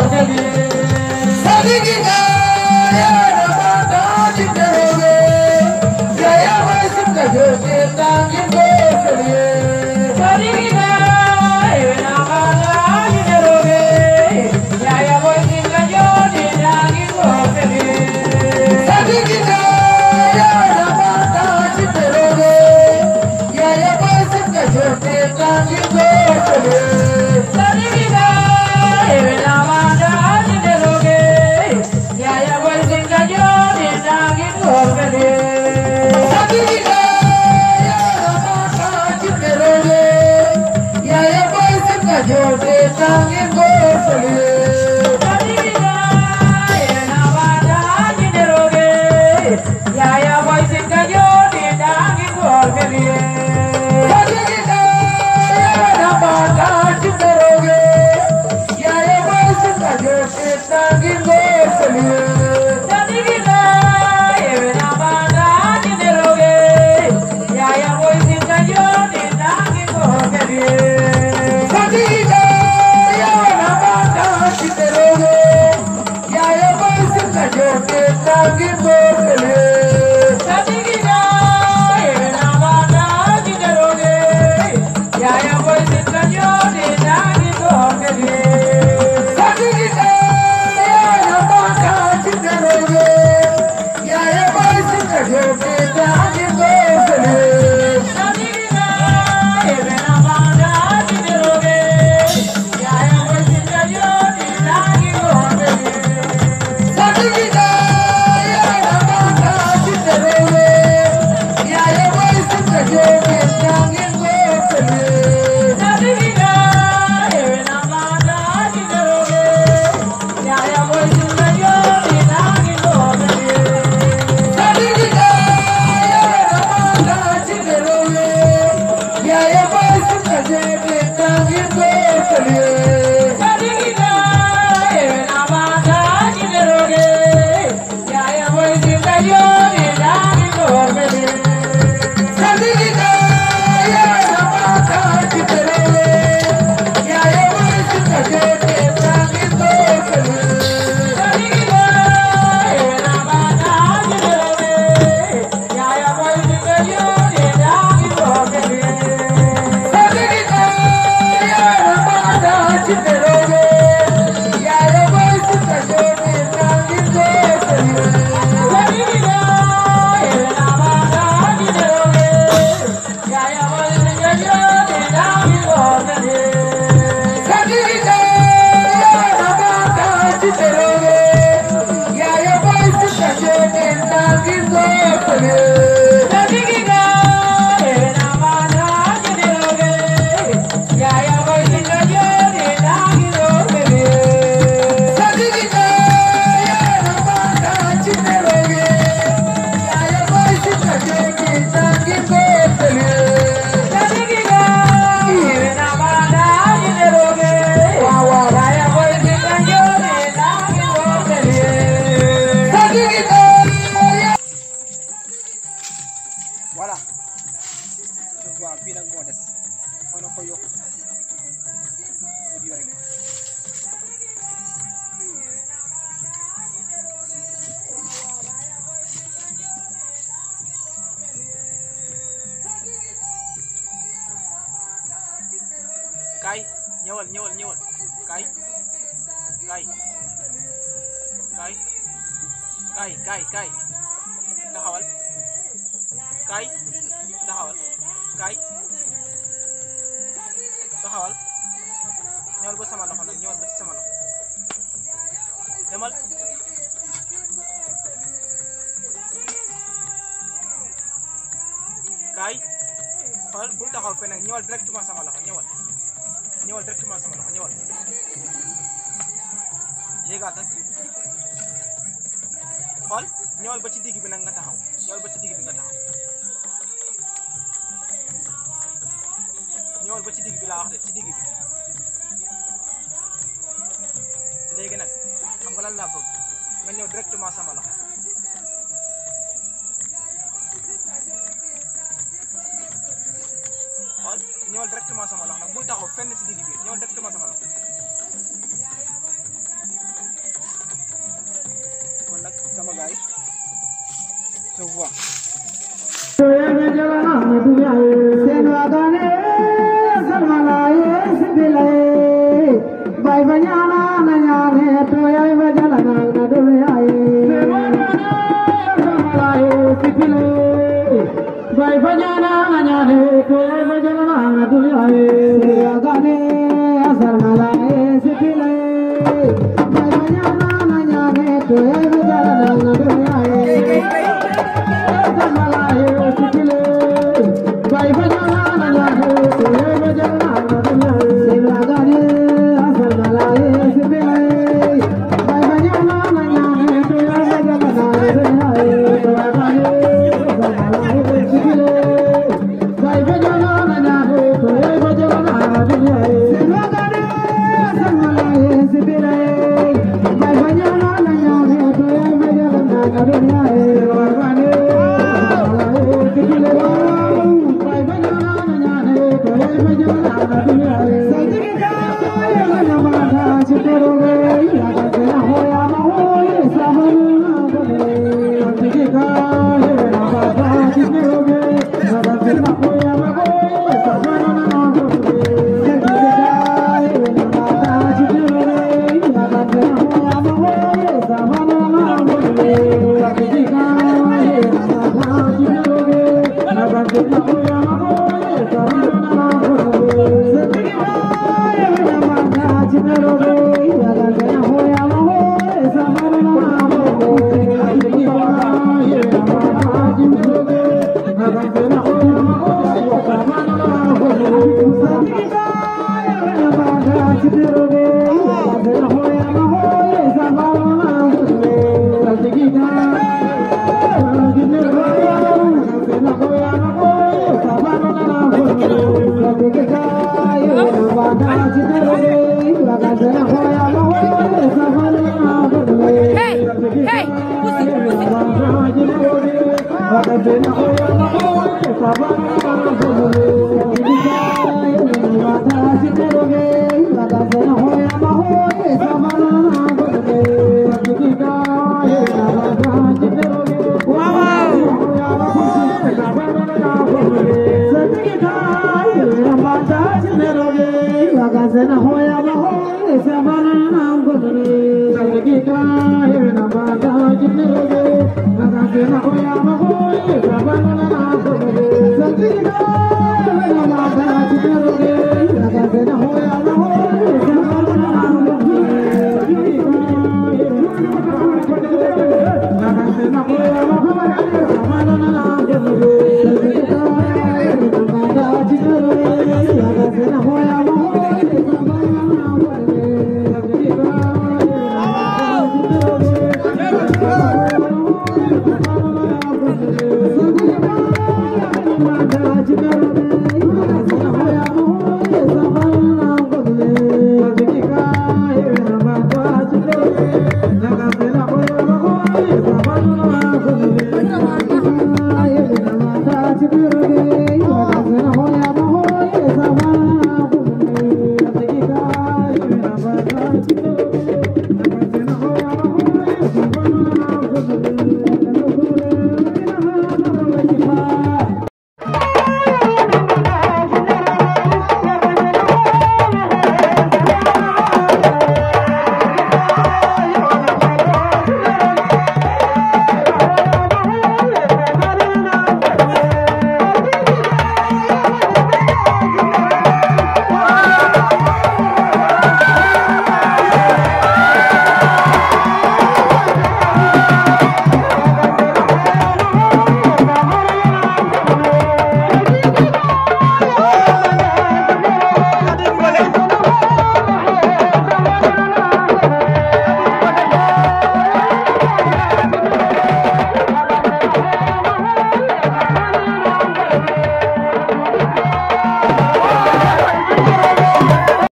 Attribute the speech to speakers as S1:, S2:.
S1: Thank you. डांगी बोल ले
S2: waaw bii nag moo des ko yokk bii rek kaay ñëwal ñëwal ñëwal kaay kaay kaay kaay kaay kaay taxawal kaay taxawal guys taxawal ñëwal ba sama loxo nag ñëwal ba ci sama loxo demal kaay xool bul taxaw feneen ñëwal directement sama loxo ñëwal ñëwal directement sama loxo ñëwal yéegaatal xool ñëwal ba ci digg bi nag nga taxaw ñëwal ba ci digg bi nga taxaw ñëwal ba ci digg bi laa wax de ci digg bi léegi nag xam nga lan laa bëgg nga ñëw directement sama loxo xool ñëwal directement sama loxo nag bul taxaw fenn si digg bi ñëwal directement sama loxo
S1: kon nag sama gars
S2: Banyana, banyana. ¡Gracias! Hey, pusing, pusing. Wow. Wow. I'm